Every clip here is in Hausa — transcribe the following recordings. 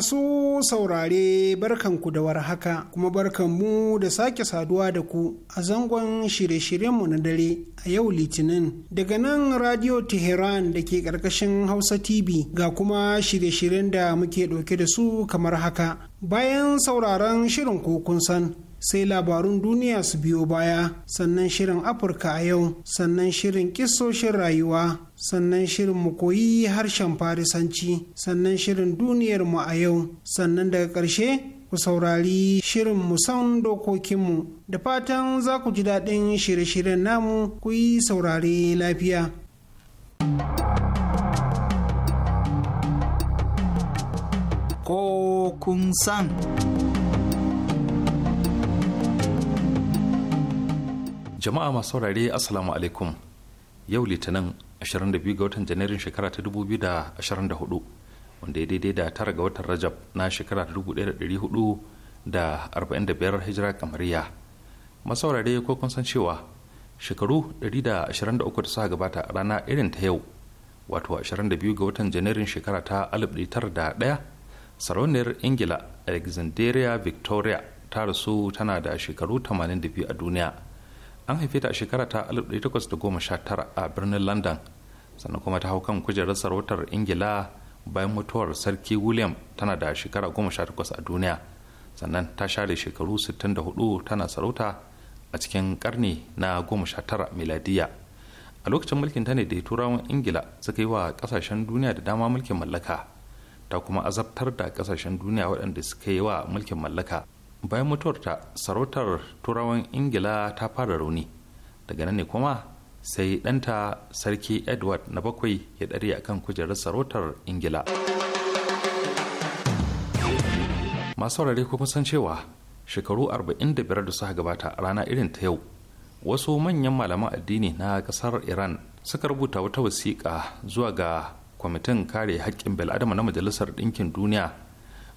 Masu saurare barkanku da haka kuma barkanmu da sake saduwa da ku a zangon shirye-shiryenmu na dare a yau Litinin. Daga nan Radio Tehran da ke karkashin Hausa TV ga kuma shirye-shiryen da muke ɗauke da su kamar haka. Bayan sauraron shirin kokun san sai labarun duniya su biyo baya sannan shirin afirka a yau sannan shirin kisoshin rayuwa sannan shirin mu koyi harshen farisanci sannan shirin duniyar mu a yau sannan daga ƙarshe ku saurari shirin musan dokokinmu da fatan za ku ji daɗin shirye-shiryen namu ku yi saurare lafiya ko kun san jama'a masu saurare assalamu alaikum yau litinin 22 ga watan janairun shekara ta 2024 wanda ya daidai da tara ga watan rajab na shekara ta 1445 hijira kamariya masaurare ko kun san cewa shekaru 123 da suka gabata a rana irin ta yau wato 22 ga watan janairun shekara ta 1901 sarauniyar ingila alexandria victoria ta rasu tana da shekaru 82 a duniya an haife ta a shekara ta 1819 a birnin london sannan kuma ta hau kan kujerar sarautar ingila bayan mutuwar sarki william tana da shekara 18 a duniya sannan ta share shekaru 64 tana sarauta a cikin karni na 19 miladiya a lokacin mulkin ta ne da turawan ingila suka yi wa kasashen duniya da dama mulkin mallaka ta kuma azabtar da kasashen duniya waɗanda suka yi wa mulkin mallaka bayan mutuwarta sarautar turawan ingila ta fara rauni daga nan ne kuma sai ɗanta sarki edward na bakwai ya ɗari a kan kujerar sarautar ingila masu saurare kuma san cewa shekaru 45 da suka gabata rana irin ta yau wasu manyan malaman addini na kasar iran suka rubuta wata wasiƙa zuwa ga kwamitin kare haƙƙin bil'adama na majalisar ɗinkin duniya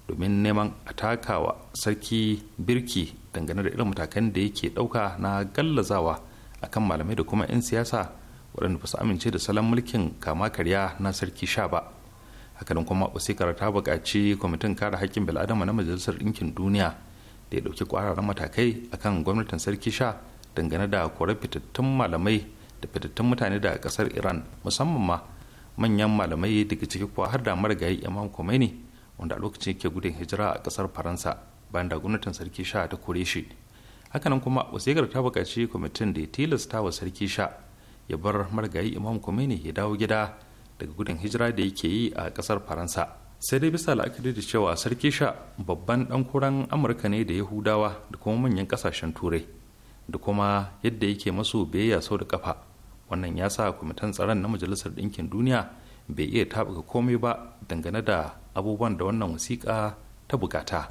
domin neman a takawa sarki birki dangane da irin matakan da yake ɗauka na gallazawa akan malamai da kuma 'yan siyasa waɗanda ba su amince da salon mulkin kama karya na sarki sha ba hakanan kuma wasikar ta buƙaci kwamitin kare haƙƙin bil'adama na majalisar ɗinkin duniya da ya ɗauki ƙwararren matakai akan gwamnatin sarki sha dangane da korar fitattun malamai da fitattun mutane da ƙasar iran musamman ma manyan malamai daga ciki kuwa har da marigayi imam khomeini wanda a lokacin yake gudun hijira a kasar faransa bayan da gwamnatin sarki sha ta kore shi hakanan kuma wasikar ta buƙaci kwamitin da ya tilasta wa sarki sha ya bar marigayi imam ne ya dawo gida daga gudun hijira da yake yi a kasar faransa sai dai bisa la'akari da cewa sarki sha babban dan kuran amurka ne da yahudawa da kuma manyan kasashen turai da kuma yadda yake masu biyayya sau da kafa wannan ya sa kwamitin tsaron na majalisar ɗinkin duniya bai iya taɓuka komai ba dangane da abubuwan da wannan wasiƙa ta bukata.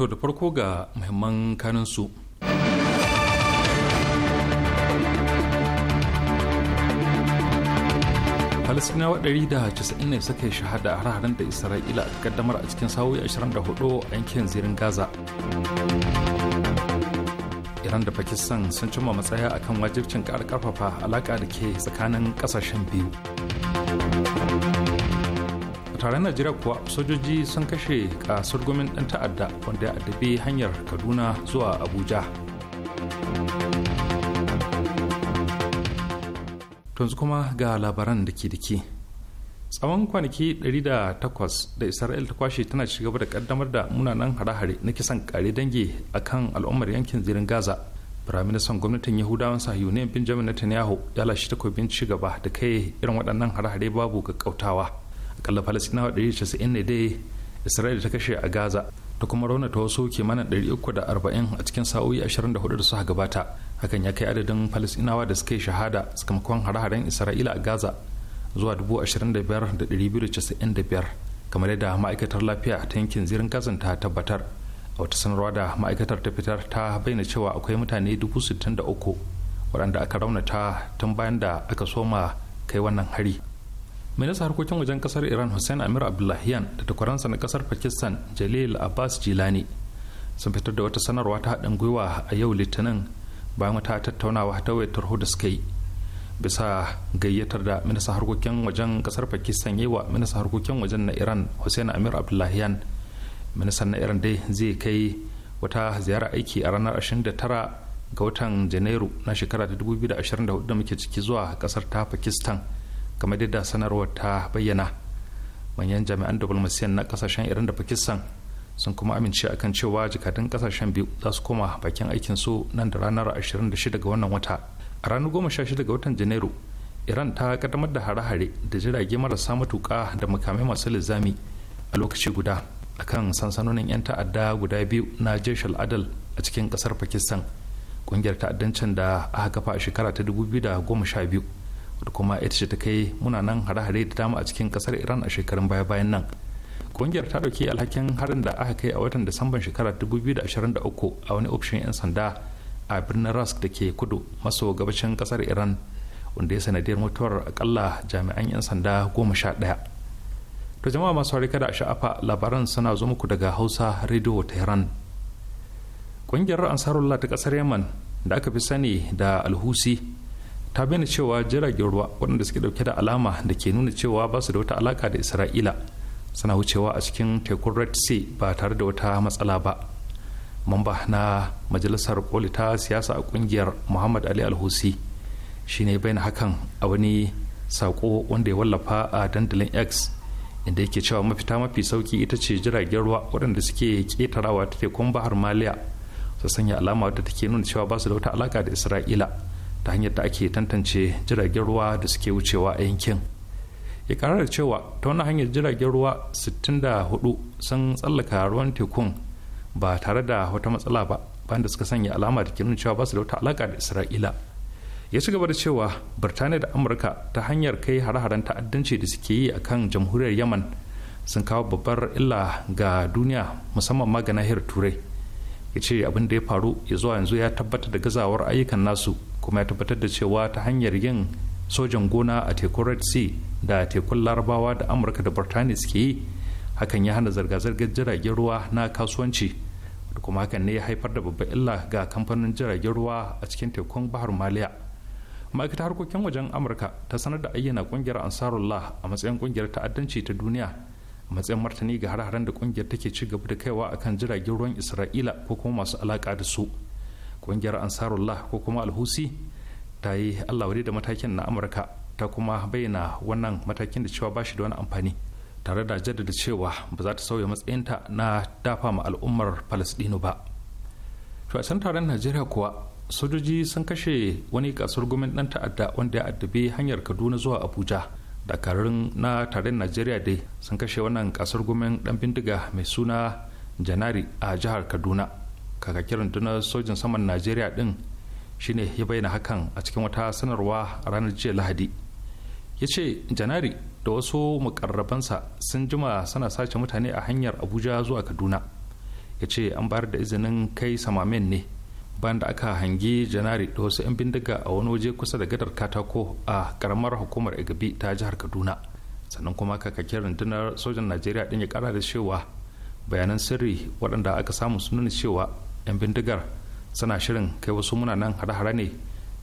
To da farko ga muhimman su Falasinawa 190 ne suka yi shahada a hararen da Isra'ila a kaddamar a cikin sa'o'i hudu a yankin zirin Gaza. Iran da Pakistan sun cimma matsaya akan wajibcin ƙarfafa alaƙa da ke tsakanin ƙasashen biyu. taron najeriya kuwa sojoji sun kashe kasar gomin ɗan ta'adda wanda ya addabi hanyar kaduna zuwa abuja Tunzu kuma ga labaran da ke da ke tsawon kwanaki 108 da isra'il ta kwashe tana ci da kaddamar da munanan hare-hare na kisan kare dangi kan al'ummar yankin zirin gaza firaministan gwamnatin yahudawan sahiyunin benjamin netanyahu ya lashe takobin ci gaba da kai irin waɗannan hare-hare babu kautawa. akalla falastinawa 190 ne dai isra'ila ta kashe a gaza ta kuma raunata wasu kimanin 340 a cikin sa'o'i 24 da suka gabata hakan ya kai adadin falasinawa da suka yi shahada sakamakon hare-haren isra'ila a gaza zuwa 25,295 kamar yadda ma'aikatar lafiya ta yankin zirin gazan ta tabbatar a wata sanarwa da ma'aikatar ta fitar ta bayyana cewa akwai mutane 63 waɗanda aka raunata tun bayan da aka soma kai wannan hari minista harkokin wajen kasar iran hussein amir abdullahian da takwaransa na kasar pakistan jalil abbas jilani sun fitar da wata sanarwa ta haɗin gwiwa a yau litinin bayan wata tattaunawa ta wayar tarho da suka yi bisa gayyatar da minista harkokin wajen kasar pakistan yi wa minista harkokin wajen na iran hussein amir abdullahian ministan na iran dai zai kai wata ziyara aiki a ranar 29 ga watan janairu na shekara ta 2024 da muke ciki zuwa kasar ta pakistan kamar da sanarwar ta bayyana manyan jami'an diplomasiyan na kasashen iran da pakistan sun kuma amince akan cewa jikadun kasashen biyu za su koma bakin aikin su nan da ranar 26 ga wannan wata a ranar 16 ga watan janairu iran ta kaddamar da hare-hare da jirage marasa matuka da makamai masu lizami a lokaci guda akan sansanonin 'yan ta'adda guda biyu na jesh adal a cikin kasar pakistan kungiyar ta'addancin da aka kafa a shekara ta biyu. da kuma ita ce ta kai muna nan hare-hare da dama a cikin kasar iran a shekarun baya-bayan nan ƙungiyar ta dauki alhakin harin da aka kai a watan disamban shekara 2023 a wani ofishin 'yan sanda a birnin rask da ke kudu maso gabashin kasar iran wanda ya sanadiyar mutuwar akalla jami'an 'yan sanda goma sha ɗaya to jama'a masu harika da sha'afa labaran suna zo muku daga hausa radio tehran ƙungiyar ansarullah ta kasar yaman da aka fi sani da alhusi ta bayyana cewa jiragen ruwa waɗanda suke ɗauke da alama da ke nuna cewa ba su da wata alaka da isra'ila suna wucewa a cikin tekun red sea ba tare da wata matsala ba mamba na majalisar koli ta siyasa a ƙungiyar muhammad ali alhusi shine bayyana hakan a wani saƙo wanda ya wallafa a dandalin x inda yake cewa mafita mafi sauki ita ce jiragen ruwa waɗanda suke ƙetarawa ta tekun bahar maliya su sanya alama wadda take nuna cewa ba su da wata alaka da isra'ila ta hanyar da ake tantance jiragen ruwa da suke wucewa a yankin ya karar cewa ta wani hanyar jiragen ruwa 64 sun tsallaka ruwan tekun ba tare da wata matsala ba bayan da suka sanya alama da ke nuna cewa ba su da wata alaka da isra'ila ya ci gaba da cewa birtaniya da amurka ta hanyar kai hare-haren ta'addanci da suke yi akan jamhuriyar yaman sun kawo babbar illa ga duniya musamman ma ga turai ya ce abin da ya faru ya zuwa yanzu ya tabbatar da gazawar ayyukan nasu kuma ya tabbatar da cewa ta hanyar yin sojan gona a tekun red sea da tekun larabawa da amurka da burtaniya suke yi hakan ya hana zirga-zirgar jiragen ruwa na kasuwanci da kuma hakan ne ya haifar da babban illa ga kamfanin jiragen ruwa a cikin tekun bahar maliya ma'aikata harkokin wajen amurka ta sanar da ayyana kungiyar ansarullah a matsayin kungiyar ta'addanci ta duniya a matsayin martani ga har-haren da kungiyar take ci gaba da kaiwa akan jiragen ruwan isra'ila ko kuma masu alaka da su kungiyar ansarullah ko kuma alhusi ta yi allah da matakin na amurka ta kuma bayyana wannan matakin da cewa ba shi da wani amfani tare da jaddada cewa ba za ta sauya matsayinta na dafa ma al'ummar palestino ba to a taron najeriya kuwa sojoji sun kashe wani kasuwar gwamnati dan ta'adda wanda ya addabi hanyar kaduna zuwa abuja dakarun na taron najeriya dai sun kashe wannan kasuwar gwamnati dan bindiga mai suna janari a jihar kaduna kakakin rundunar sojin saman najeriya din shine ya bayyana hakan a cikin wata sanarwa a ranar jiya lahadi ya ce janari da wasu mukarrabansa sun jima suna sace mutane a hanyar abuja zuwa kaduna ya ce an bayar da izinin kai samamen ne bayan da aka hangi janari da wasu 'yan bindiga a wani waje kusa da gadar katako a karamar hukumar egabi ta jihar kaduna sannan kuma kakakin rundunar sojan najeriya din ya kara da cewa bayanan sirri waɗanda aka samu sun nuna cewa 'yan bindigar suna shirin kai wasu munanan hare-hare ne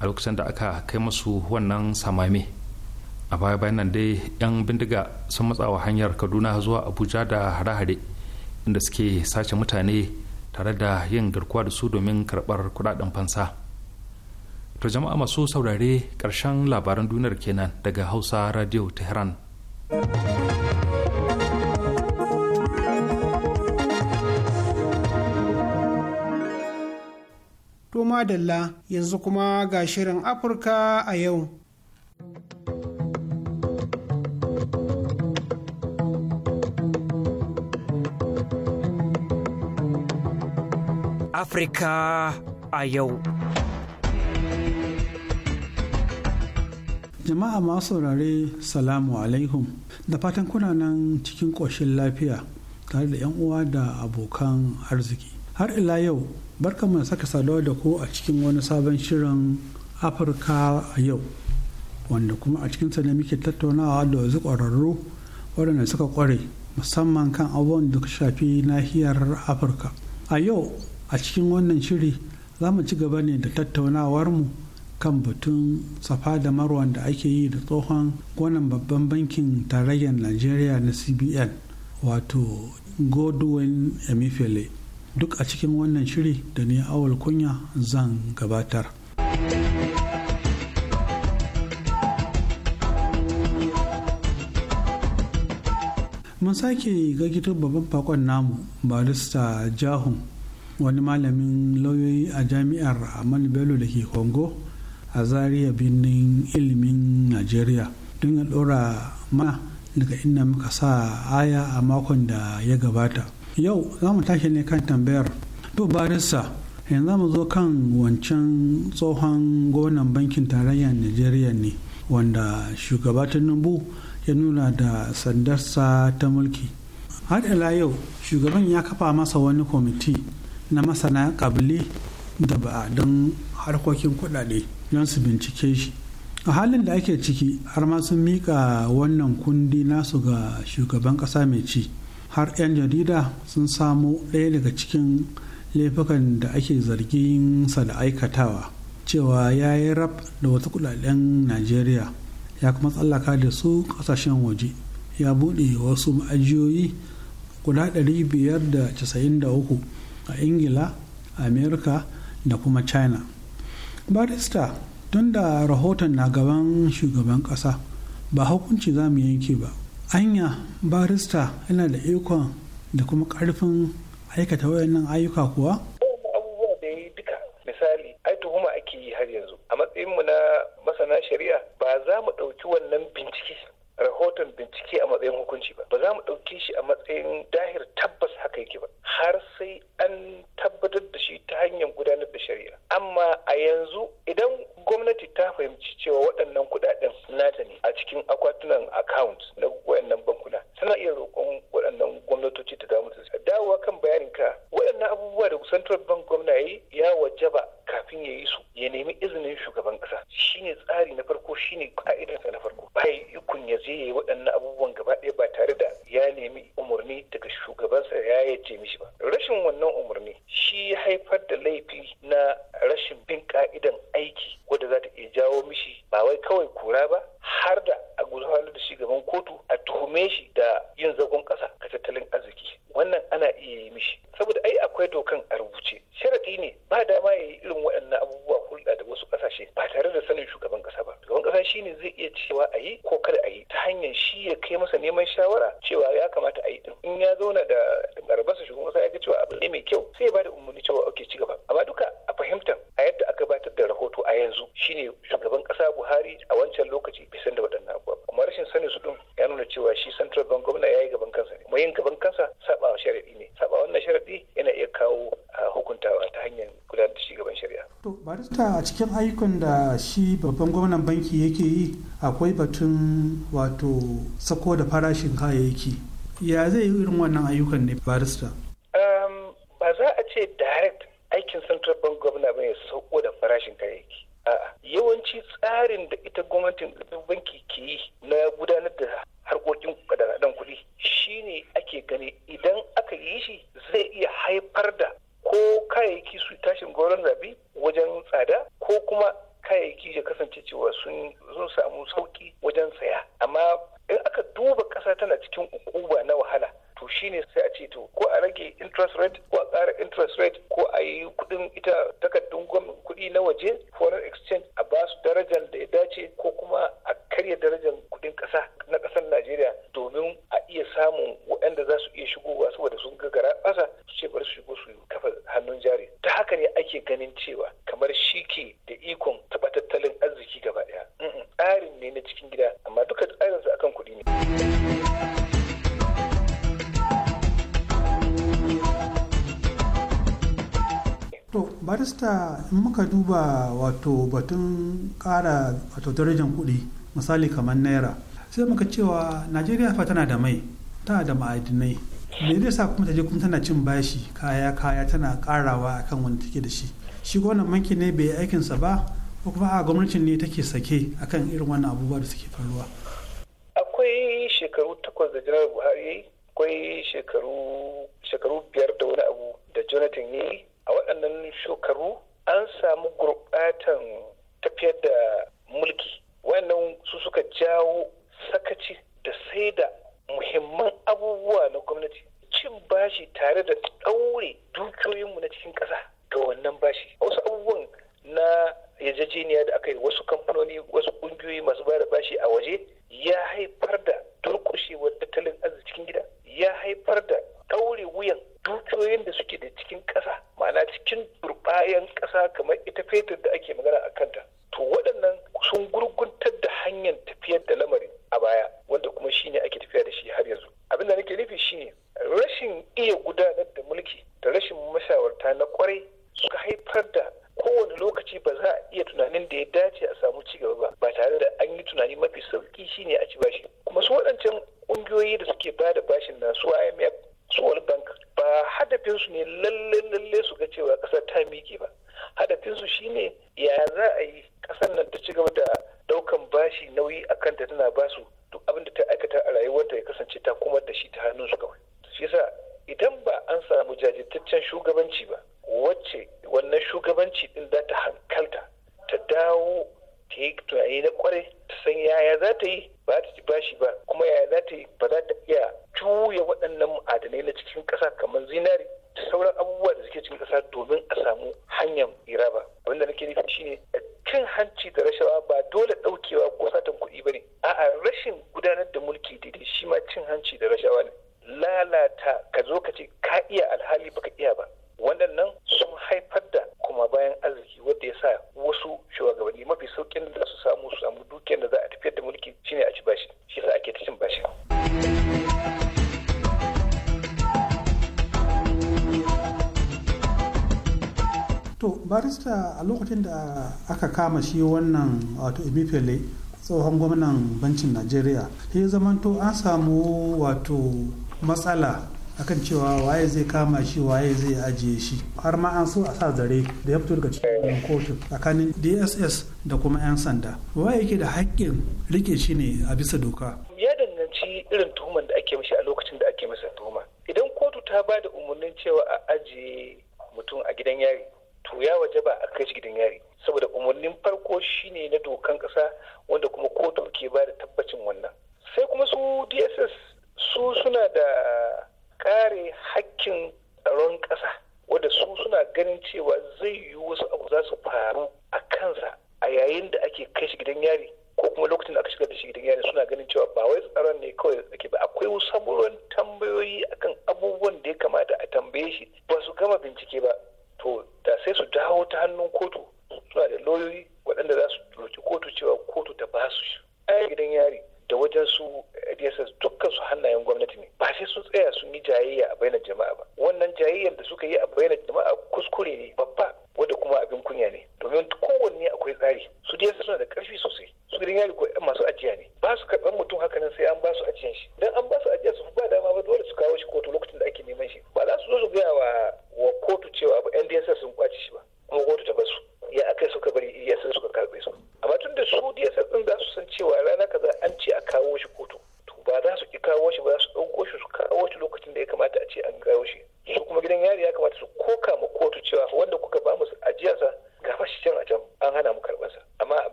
a lokacin da aka kai masu wannan samami a baya bayan nan dai 'yan bindiga sun matsawa hanyar kaduna zuwa abuja da hare-hare inda suke sace mutane tare da yin garkuwa da su domin karɓar kudaden fansa to jama'a masu saurare ƙarshen labaran duniyar kenan daga hausa radio tehran To madalla yanzu kuma ga shirin Afirka a yau. Afirka a yau. Jama'a masu saurare salamu alaikum da fatan kuna nan cikin ƙoshin lafiya tare da 'yan uwa da abokan arziki. Har ila yau barka mu saka saduwa da ku a cikin wani sabon shirin afirka a yau wanda kuma a cikinsa na muke tattaunawa da wasu ƙwararru waɗanda suka ƙware musamman kan abubuwan da shafi nahiyar afirka a yau a cikin wannan shiri za mu ci gaba ne da tattaunawar mu kan batun safa da marwan da ake yi da tsohon gwanan babban bankin tarayyar najeriya na cbn wato godwin emefiele duk a cikin wannan shiri da ni awal kunya zan gabatar. mun sake gagitar babban fakon namu barista jahun wani malamin lauyoyi a jami'ar amal bello da ke congo a zaria birnin ilimin nigeria don ya dora mana daga inda muka sa aya a makon da ya gabata yau za mu tashi ne kan tambayar to barista yanzu za mu zo kan wancan tsohon gwamnan bankin tarayyar nigeria ne wanda shugaba tinubu ya nuna da sandarsa ta mulki har ila yau shugaban ya kafa masa wani kwamiti na masana kabili da ba don harkokin kudade don su bincike shi a halin da ake ciki har ma sun miƙa wannan kundi nasu ga shugaban ƙasa mai ci har 'yan jarida sun samo ɗaya daga cikin laifukan da ake zargin sa da aikatawa cewa ya yi rab da wata kudaden najeriya ya kuma tsallaka da su kasashen waje ya buɗe wasu ma'ajiyoyi guda 593 a ingila amerika da kuma china barista tun da rahoton na gaban shugaban ƙasa ba hukunci za mu yanke ba anya barista yana da ikon da kuma karfin aikata wayannan ayyuka kuwa abubuwa da yi duka misali ai tuhuma ake yi har yanzu a matsayinmu na masana shari'a ba za mu ɗauki wannan bincike rahoton bincike a matsayin hukunci ba ba za mu ɗauki shi a matsayin dahir tabbas haka yake ba har sai an tabbatar da shi ta hanyar gudanar da shari'a amma a yanzu idan gwamnati ta fahimci cewa waɗannan kuɗaɗen nata ne a cikin akwatunan account na waɗannan bankuna tana iya roƙon waɗannan gwamnatoci ta damu dawowa kan bayanin ka waɗannan abubuwa da central bank gwamna yi ya wajaba kafin ya yi su ya nemi izinin shugaban ƙasa shine tsari na farko shine ka'idarsa na farko bai ikun ya je ya yi waɗannan abubuwan gaba ɗaya ba tare da ya nemi umarni daga shugabansa ya yace mishi ba rashin wannan umarni shi ya haifar da laifi na rashin bin ka'idan aiki wadda za ta iya jawo mishi ba wai kawai kura ba har da a gurfanar da shi gaban kotu a tuhume shi da yin zagon ƙasa ga tattalin arziki wannan ana iya yi mishi saboda ai akwai dokan a rubuce sharaɗi ne ba dama ya yi irin waɗannan abubuwa hulɗa da wasu ƙasashe ba tare da sanin shugaban ƙasa ba shugaban ƙasa ne zai iya cewa a yi ko kada a yi ta hanyar shi ya kai masa neman shawara cewa ya kamata a yi ɗin in ya zauna da ƙarbarsa shugaban ƙasa ya ga cewa abu ne mai kyau sai ya ba da umarni cewa ok ci gaba amma duka a fahimtar a yadda aka batar da rahoto a yanzu shine shugaban kasa buhari a wancan lokaci bai san da waɗannan abubuwa kuma rashin sani su din ya nuna cewa shi central bank gwamna ya yi gaban kansa ne kuma yin gaban kansa saba wa sharaɗi ne saba wannan sharaɗi yana iya kawo hukuntawa ta hanyar gudanar da shi gaban shari'a. to barista a cikin ayyukan da shi babban gwamnan banki yake yi akwai batun wato sako da farashin kayayyaki ya zai yi irin wannan ayyukan ne barista. aikin central bank gwamna bane ya sauko da farashin kayayyaki a'a yawanci tsarin da ita gwamnatin banki ke yi na gudanar da harkokin kadaradan kuɗi shine ake gani idan aka yi shi zai iya haifar da ko kayayyaki su tashin goron zabi wajen tsada ko kuma kayayyaki ya kasance cewa sun samu sauki wajen saya amma in aka duba ƙasa tana cikin ukuba na wahala to shine sai a ce to ko a rage interest rate ko a ƙara interest rate ko a yi kuɗin ita takardun gwamnati kuɗi na waje foreign exchange a ba su darajar da ya dace ko kuma a karya darajar kuɗin ƙasa na ƙasar Najeriya domin a iya samun waɗanda za su iya shigowa saboda sun gagara ƙasa su ce bari su shigo su kafa hannun jari ta haka ne ake ganin cewa kamar shi ke da ikon taɓa tattalin arziki gaba ɗaya tsarin ne na cikin gida amma duka tsarinsa akan kuɗi ne. barista in muka duba wato batun kara wato darajar kuɗi misali kamar naira sai muka cewa najeriya fa tana da mai ta da ma'adinai me zai sa kuma ta je kuma tana cin bashi kaya kaya tana karawa akan wanda take da shi shi wannan manki ne bai aikinsa ba ko kuma a gwamnatin ne take sake akan irin wannan abubuwa da suke faruwa akwai shekaru takwas da janar buhari akwai shekaru shekaru biyar da wani abu da jonathan yi a waɗannan shekaru an samu gurɓatan tafiyar da mulki waɗannan su suka jawo sakaci da sai da muhimman abubuwa na gwamnati cin bashi tare da ɗaure dukiyoyinmu na cikin ƙasa ga wannan bashi wasu abubuwan na yarjejeniya da aka yi wasu kamfanoni wasu ƙungiyoyi masu bada bashi a waje ya haifar da durƙushewar tattalin cikin gida ya haifar da ɗaure wuyan dukiyoyin da suke da cikin ƙasa ma'ana cikin turbayan ƙasa kamar ita fetur da ake magana a kanta to waɗannan sun gurguntar da hanyar tafiyar da lamarin a baya wanda kuma shine ake tafiya da shi har yanzu abin da nake nufi shine rashin iya gudanar da mulki da rashin mashawarta na kwarai suka haifar da kowane lokaci ba za a iya tunanin da ya dace a samu ci gaba ba ba tare da an yi tunani mafi sauki shine a ci bashi kuma su waɗancan ƙungiyoyi da suke ba da bashin na su imf su world bank ba hadafinsu ne lalle lalle su ga cewa ƙasar ta miƙe ba hadafinsu shine ya za a yi ƙasar nan ta ci gaba da ɗaukan bashi nauyi a kanta tana ba su duk abin da ta aikata a rayuwarta ya kasance ta kuma da shi ta hannun su kawai shi yasa idan ba an samu jajirtaccen shugabanci ba wacce wannan shugabanci din za ta hankalta ta dawo ta yi tunani na kwarai ta san yaya za ta yi ba ta ci bashi ba kuma yaya za ta yi ba za ta iya juya waɗannan ma'adanai na cikin ƙasa kamar zinari da sauran abubuwa da suke cikin ƙasa domin a samu hanyar tsira ba abin da nake nufi shine cin hanci da rashawa ba dole ɗaukewa ko satan kuɗi ba ne a'a rashin gudanar da mulki daidai shi ma cin hanci da rashawa ne lalata ka zo ka ce ka iya alhali baka iya ba waɗannan sun haifar da kuma bayan arziki wanda ya sa wasu shugabanni mafi saukin da su samu su samu dukiyar da za a tafiyar da barista a lokacin da aka kama shi wannan wato emifele tsohon gwamnan bancin najeriya ya zamanto an samu wato matsala akan cewa waye zai kama shi waye zai ajiye shi har ma an so a sa zare da ya fito daga cikin kotu tsakanin dss da kuma 'yan sanda waye yake da haƙƙin rike shi ne a bisa doka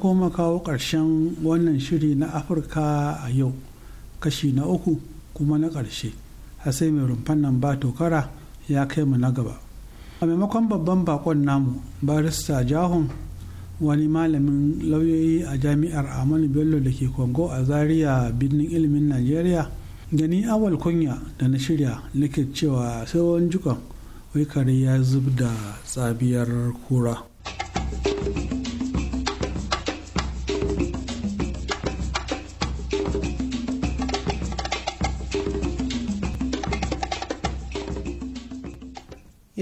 kuma kawo ƙarshen wannan shiri na afirka a yau kashi na uku kuma na ƙarshe sai mai rumfan nan ba tokara ya kai mu na gaba a maimakon babban bakon namu barista jahun wani malamin lauyoyi a jami'ar amanu bello da ke kongo a zaria birnin ilimin najeriya gani awal kunya da na shirya nake cewa sai wani jukan wai kare ya zub da tsabiyar kura.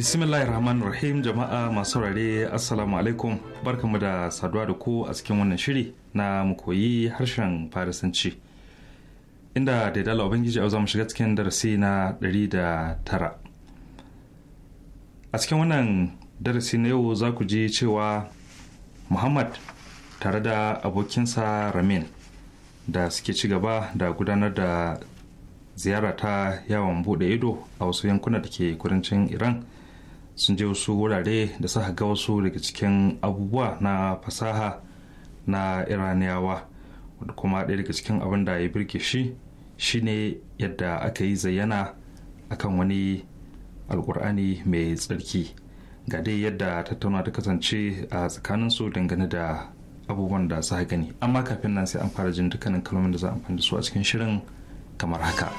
bismillahir rahmanir rahim jama'a masu saurare assalamu alaikum barkamu da saduwa da ku a cikin wannan shiri na mu koyi harshen farisanci inda da dala ubangiji a mu shiga cikin darasi na tara. a cikin wannan darasi na yau za ku ji cewa muhammad tare da abokinsa ramin da suke ci gaba da gudanar da ziyara ta yawon bude ido a wasu yankuna da ke kudancin iran sun je wasu wurare da suka ga wasu daga cikin abubuwa na fasaha na iraniyawa wanda kuma ɗaya daga cikin abin da ya birke shi shine yadda aka yi zayyana akan wani alkur'ani mai tsarki ga dai yadda tattauna ta kasance a tsakaninsu dangane da abubuwan da suka gani amma kafin nan sai an fara jin dukkanin kalmomin da za a amfani da su a cikin shirin kamar haka.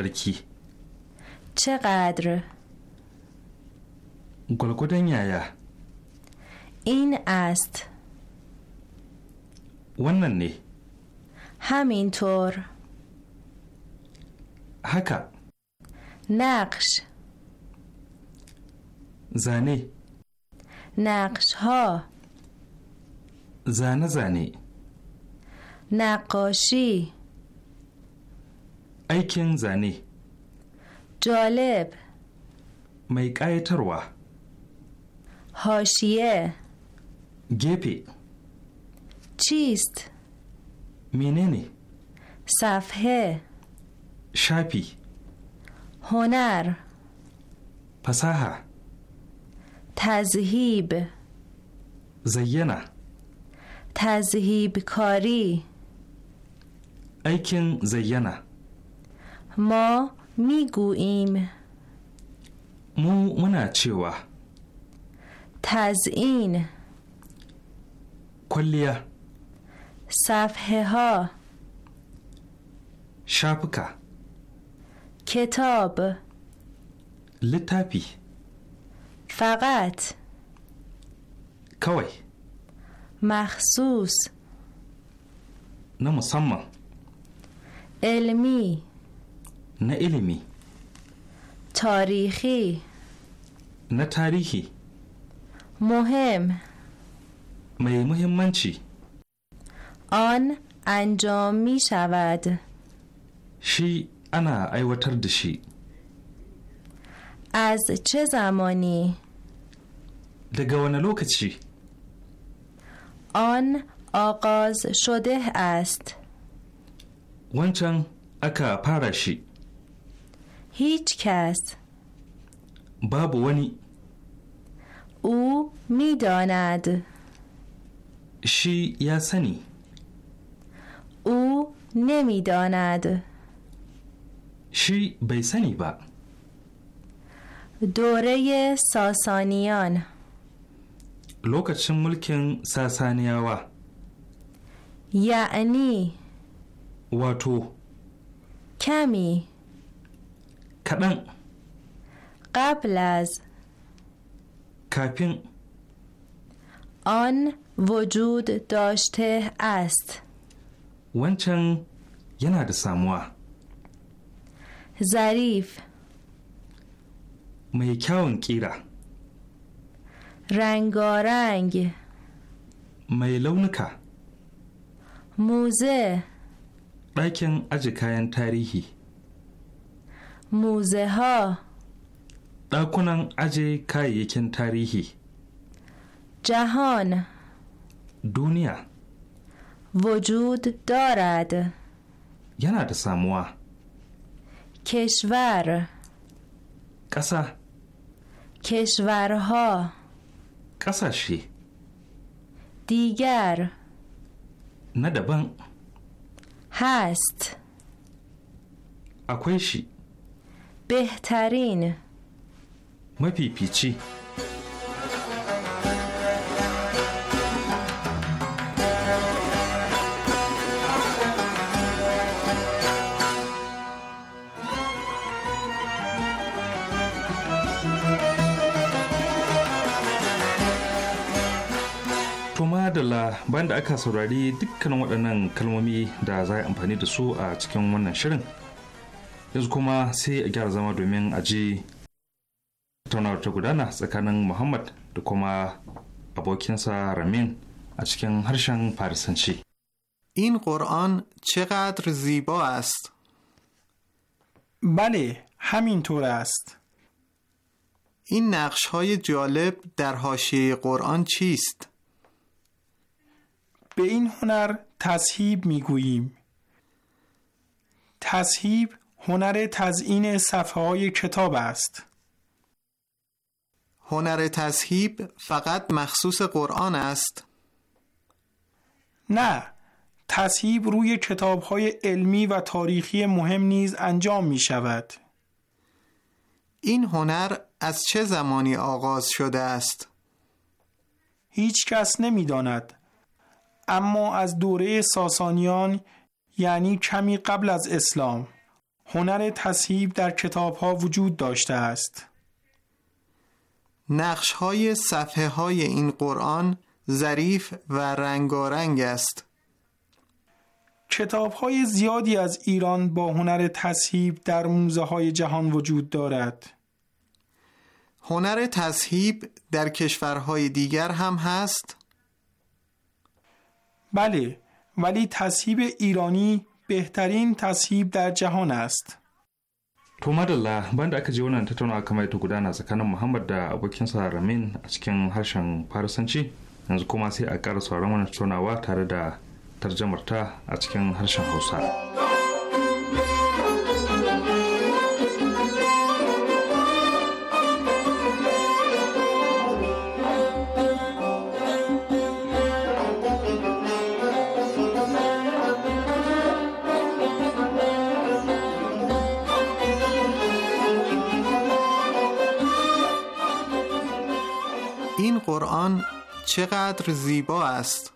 کی چقدر این یایا این است ونن همین همینطور حکا نقش زانه نقش ها زانه زنی. نقاشی ایکن زنی. جالب. میکایتر وا. هاشیه. گپی. چیست. مینی. سافه. شایپی. هنر. پسaha. تزهیب. زیانا. تزهیب کاری. ایکن زیانا. ما میگوییم مو منا چیوا تزئین کلیه صفحه ها شبکه کتاب لطفی فقط کوی مخصوص نه علمی نه علمی تاریخی نه تاریخی مهم می مهم من چی؟ آن انجام می شود شی انا ایوتر شی از چه زمانی؟ دگوانه لوکچی آن آغاز شده است وانچن اکا پارشی هیچ کس باب ونی او میداند شی یا سنی او نمیداند شی بیسنی با دوره ساسانیان لوکچن ملکن ساسانیاوا یعنی واتو کمی kaɗan Kafilas. kafin on vujud doshte ast wancan yana da samuwa zarif mai kyawun ƙira rangorang mai launuka muze ɗakin aji kayan tarihi Muze ha. Ɗakunan aje kayayyakin tarihi. Jahan. Duniya. Vujud dorad. Yana da samuwa. Keshwar. kasa. Keshwar ha. Ƙasashe. Digar. Na daban. Hast. Akwai shi. بهترین مپی پیچی adala bayan da aka saurari dukkanin waɗannan kalmomi da za a amfani da su a cikin wannan shirin yanzu kuma sai a gyara zama domin a ji tattaunawar ta gudana tsakanin muhammad da kuma abokinsa ramin a cikin harshen farisanci این قرآن چقدر زیبا است بله همینطور است این نقش های جالب در حاشیه قرآن چیست؟ به این هنر تصهیب میگوییم تصهیب هنر تزئین صفحه های کتاب است. هنر تذهیب فقط مخصوص قرآن است؟ نه، تصحیب روی کتاب های علمی و تاریخی مهم نیز انجام می شود. این هنر از چه زمانی آغاز شده است؟ هیچ کس نمی داند. اما از دوره ساسانیان یعنی کمی قبل از اسلام هنر تصحیب در کتاب ها وجود داشته است نقش های صفحه های این قرآن ظریف و رنگارنگ است کتاب های زیادی از ایران با هنر تصحیب در موزه های جهان وجود دارد هنر تصحیب در کشورهای دیگر هم هست؟ بله ولی تصحیب ایرانی بهترین تصهیب در جهان است. To madalla banda aka je wannan tattaunawa kamar ta gudana tsakanin Muhammad da abokinsa Ramin a cikin harshen Farisanci yanzu kuma sai a ƙara sauran wannan tattaunawa tare da tarjamarta a cikin harshen Hausa. قرآن چقدر زیبا است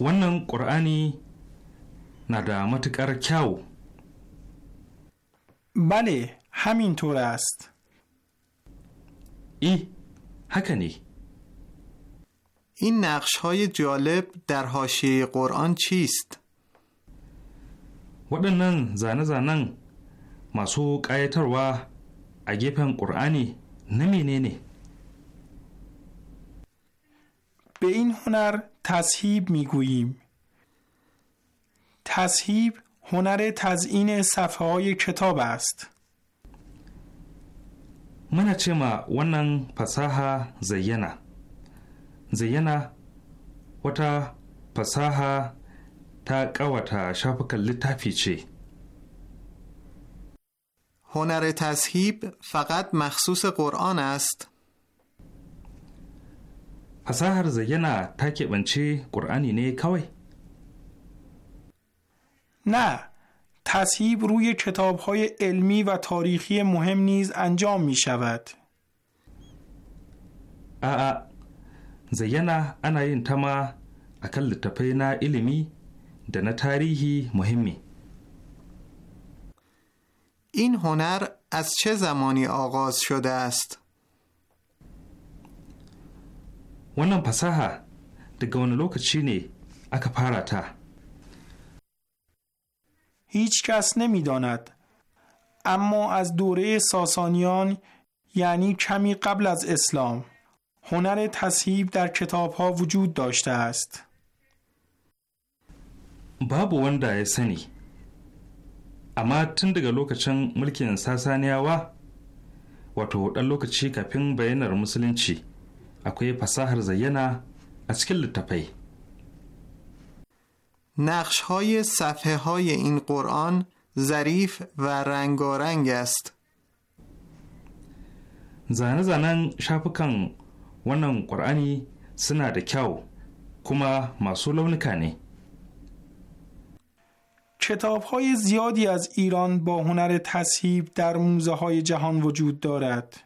ونن قرآنی ندامت کرکاو بله همین طور است ای هکنی این نقش های جالب در هاشی قرآن چیست؟ ودنن زن زنن مسوق ایتر و اگه پن قرآنی نمی نینی به این هنر تصهیب میگوییم تصهیب هنر تزئین صفحه های کتاب است من چما ونن wannan fasaha زینا zayyana wata fasaha ta ƙawata shafukan هنر تصهیب فقط مخصوص قرآن است؟ fasahar zayyana ta keɓance ƙur'ani ne kawai na تصیب روی کتاب های علمی و تاریخی مهم نیز انجام می شود زینه زینا انا این تما اکل تپینا علمی دن تاریخی مهمی این هنر از چه زمانی آغاز شده است؟ wannan fasaha daga wani lokaci ne aka fara ta هیچ کس نمی داند. اما از دوره ساسانیان یعنی کمی قبل از اسلام هنر تصحیب در کتاب ها وجود babu wanda ya sani amma tun daga lokacin mulkin sasaniyawa wato ɗan lokaci kafin bayanar musulunci akwai fasahar zayyana a cikin littafai نقش های صفحه های این قرآن ظریف و رنگارنگ است. زانه زانن شاپکان ونن قرآنی سنا da کما kuma masu launuka کتاب های زیادی از ایران با هنر تصحیب در موزه های جهان وجود دارد.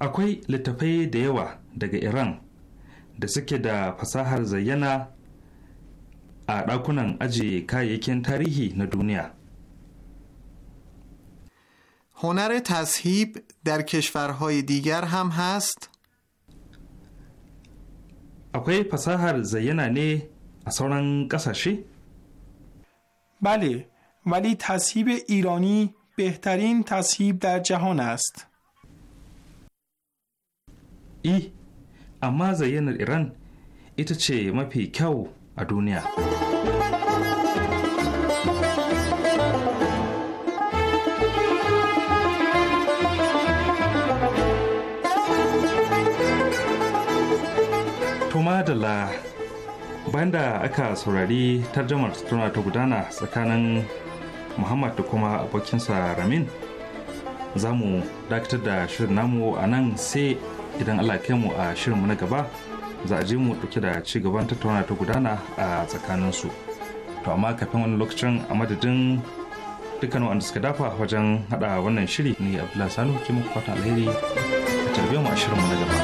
akwai littafai da yawa daga iran da suke da fasahar zayyana a ɗakunan ajiye kayayyakin tarihi na duniya honar tashib dar kishfar hoi digar ham hast akwai fasahar zayyana ne a sauran kasashe bale wali tashib irani behtarin tashib dar jahan hast i, e, amma zayyanar iran ita ce mafi kyau a duniya madala bayan da aka saurari tarjamar tattauna ta gudana tsakanin muhammad da kuma abokinsa ramin za mu dakatar da shirin namu a nan sai idan allah kai mu a shirin mu na gaba za a je mu dauke da ci gaban tattauna ta gudana a tsakanin su to amma kafin wani lokacin a madadin dukkanin wanda suka dafa wajen hada wannan shiri ne abdullahi sanu ke muku fata alheri a tarbiyar mu a shirin mu na gaba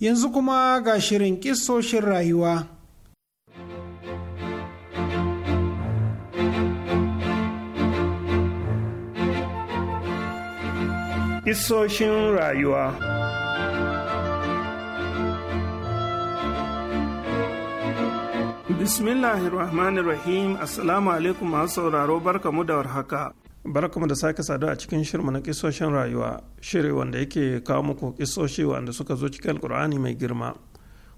yanzu kuma ga shirin kisoshin rayuwa Isoshin rayuwa Bismillahirrahmanirrahim Assalamu alaikum masu sauraro barkamu da warhaka. Barkamu da sake saduwa a cikin shirma na kisoshin rayuwa, shiri wanda yake kawo muku kisoshi wanda suka zo cikin Alkur'ani mai girma.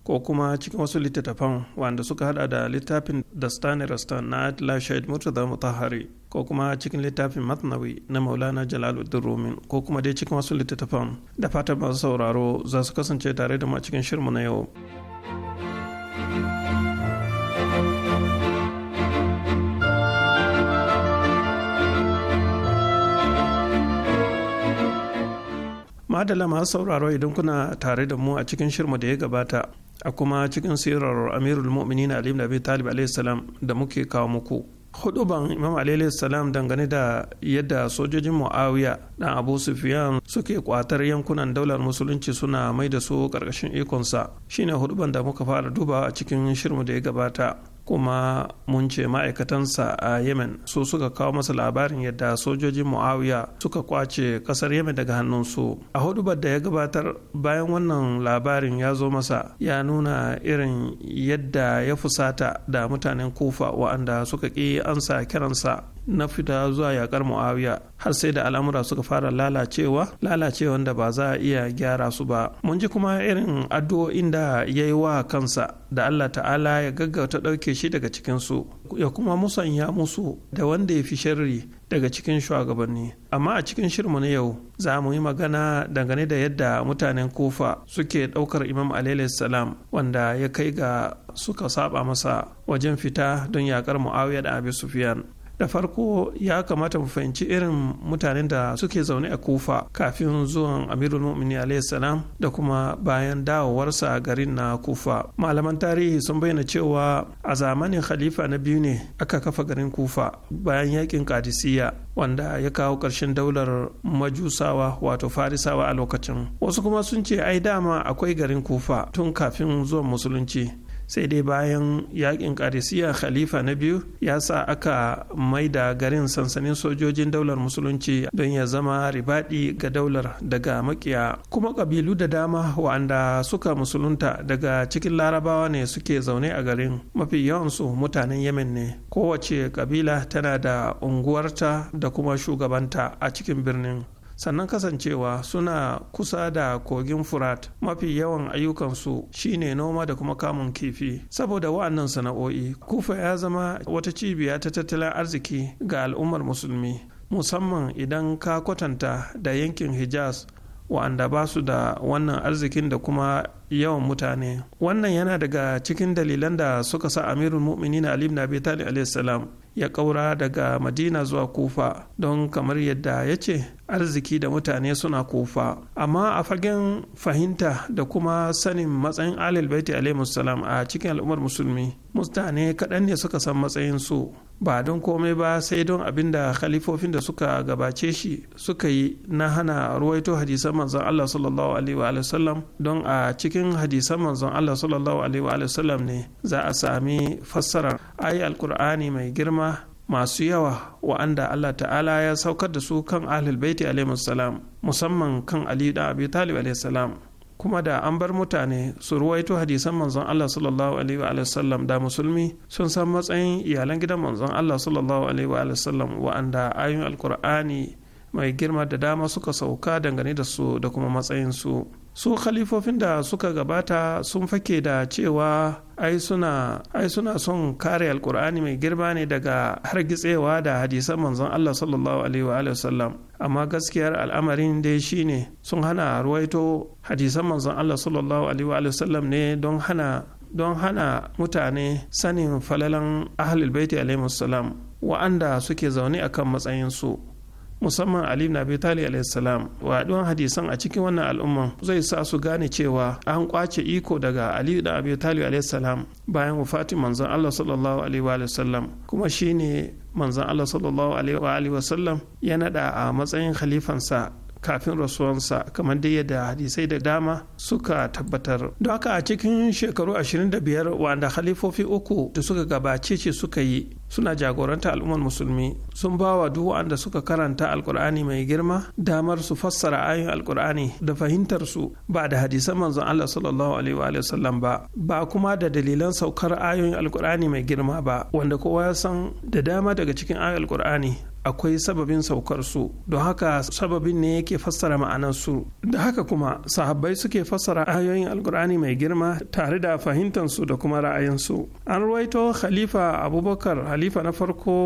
ko kuma cikin wasu littattafan wanda suka hada da littafin dastani rastan na lashid murtaza mutahari ko kuma cikin littafin matnawi na maulana jalaluddin rumin ko kuma dai cikin wasu littattafan da fatan masu sauraro za su kasance tare da mu cikin shirmu na yau. madala masu sauraro idan kuna tare da mu a cikin shirmu da ya gabata a kuma cikin sirar amirul mu'minin ali ibn abi talib salam da muke kawo muku huduban imam ali dangane da yadda sojojin muawiya dan abu sufyan suke kwatar yankunan daular musulunci suna mai da su karkashin ikonsa shine huduban da muka fara duba a cikin shirmu da ya gabata kuma mun ce ma'aikatansa a yemen su suka kawo masa labarin yadda sojojin muawiya suka kwace kasar yemen daga hannunsu a hudubar da ya gabatar bayan wannan labarin ya zo masa ya nuna irin yadda ya fusata da mutanen kufa wa'anda suka ƙi ansa kiransa na fita zuwa yakar muawiya har sai da al'amura suka fara lalacewa lalacewa da ba za a iya gyara su ba mun ji kuma irin addu'o'in da ya yi wa kansa da allah ta'ala ya gaggauta ɗauke shi daga cikinsu ya kuma musanya musu da wanda ya fi sharri daga cikin shugabanni amma a cikin shirmu na yau za mu yi magana dangane da yadda mutanen kofa suke ɗaukar imam alayhi salam wanda ya kai ga suka saba masa wajen fita don yakar muawiya da abi sufiyan da farko ya kamata mu fahimci irin mutanen da suke zaune a kufa kafin zuwan amirul mu'mini salam da kuma bayan dawowarsa garin na kufa malaman tarihi sun bayyana cewa a zamanin khalifa na biyu ne aka kafa garin kufa bayan yakin kadisiya wanda ya kawo ƙarshen daular majusawa wato farisawa a lokacin wasu kuma sun ce ai dama akwai garin kufa tun kafin zuwan musulunci sai dai bayan yakin karisiya khalifa na biyu ya sa aka maida garin sansanin sojojin daular musulunci don ya zama ribadi ga daular daga makiya kuma kabilu da dama wa'anda suka musulunta daga cikin larabawa ne suke zaune a garin mafi yawansu mutanen yemen ne kowace kabila tana da unguwarta da kuma shugabanta a cikin birnin sannan kasancewa suna kusa da kogin furat mafi yawan ayyukansu shine noma da kuma kamun kifi saboda wa'annan sana'o'i kufa ya zama wata cibiya ta tattalin arziki ga al'ummar musulmi musamman idan ka kwatanta da yankin hijaz wa'anda ba su da wannan arzikin da kuma yawan mutane wannan yana daga cikin dalilan da suka sa amirul mu'minin ali ibn abi talib ya ƙaura daga madina zuwa kufa don kamar yadda ya ce arziki da mutane suna kufa amma a fagen fahimta da kuma sanin matsayin alil baiti salam a cikin al'ummar musulmi mutane kaɗan ne suka san matsayin su ba don komai ba sai don abin da khalifofin da suka gabace shi suka yi na hana ruwaito hadisan manzon Allah sallallahu alaihi wa sallam don a cikin hadisan manzon Allah sallallahu alaihi wa sallam ne za a sami fassarar ayi alkur'ani mai girma masu yawa wa'anda Allah ta'ala ya saukar da su kan ahlul baiti salam musamman kan Ali da Abi Talib salam kuma da an bar mutane su ruwaito hadisan manzon Allah sallallahu alaihi wa sallam da musulmi sun san matsayin iyalan gidan manzon Allah sallallahu alaihi wa sallam wa'anda ayoyin alkur'ani mai girma da dama suka sauka dangane da su da kuma matsayin su su khalifofin da suka gabata sun fake da cewa ai suna ai son kare alkur'ani mai girma ne daga hargitsewa da hadisan manzon Allah sallallahu alaihi wa alihi amma gaskiyar al'amarin dai shine sun hana ruwaito hadisan manzon Allah sallallahu alaihi wa alihi ne don hana don hana mutane sanin falalan ahlul baiti alaihi wa'anda suke zaune akan matsayin su musamman ali na abi talib wa waɗuwan hadisan a cikin wannan al'umman zai sa su gane cewa an kwace iko daga ali da abi talib salam bayan wafatin manzon allah sallallahu alaihi wa sallam kuma shine manzon allah sallallahu alaihi wa sallam ya naɗa a matsayin khalifansa kafin rasuwansa kamar dai yadda hadisai da dama suka tabbatar don haka a cikin shekaru 25 wanda halifofi uku da suka gabace ce suka yi suna jagoranta al'ummar musulmi sun ba wa duk wanda suka karanta alkur'ani mai girma damar su fassara ayoyin alkur'ani da fahimtar su ba da hadisan manzon Allah sallallahu alaihi wa sallam ba ba kuma da dalilan saukar ayoyin alkur'ani mai girma ba wanda kowa ya san da dama daga cikin ayoyin alkur'ani akwai sababin saukar su don haka sababin ne yake fassara ma'anar su da haka kuma sahabbai suke fassara ayoyin alkur'ani mai girma tare da fahimtansu da kuma ra'ayin an ruwaito khalifa abubakar khalifa na farko